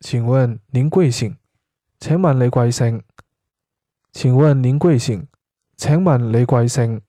請問您貴姓？請問你貴姓？請問您貴姓？請問你貴姓？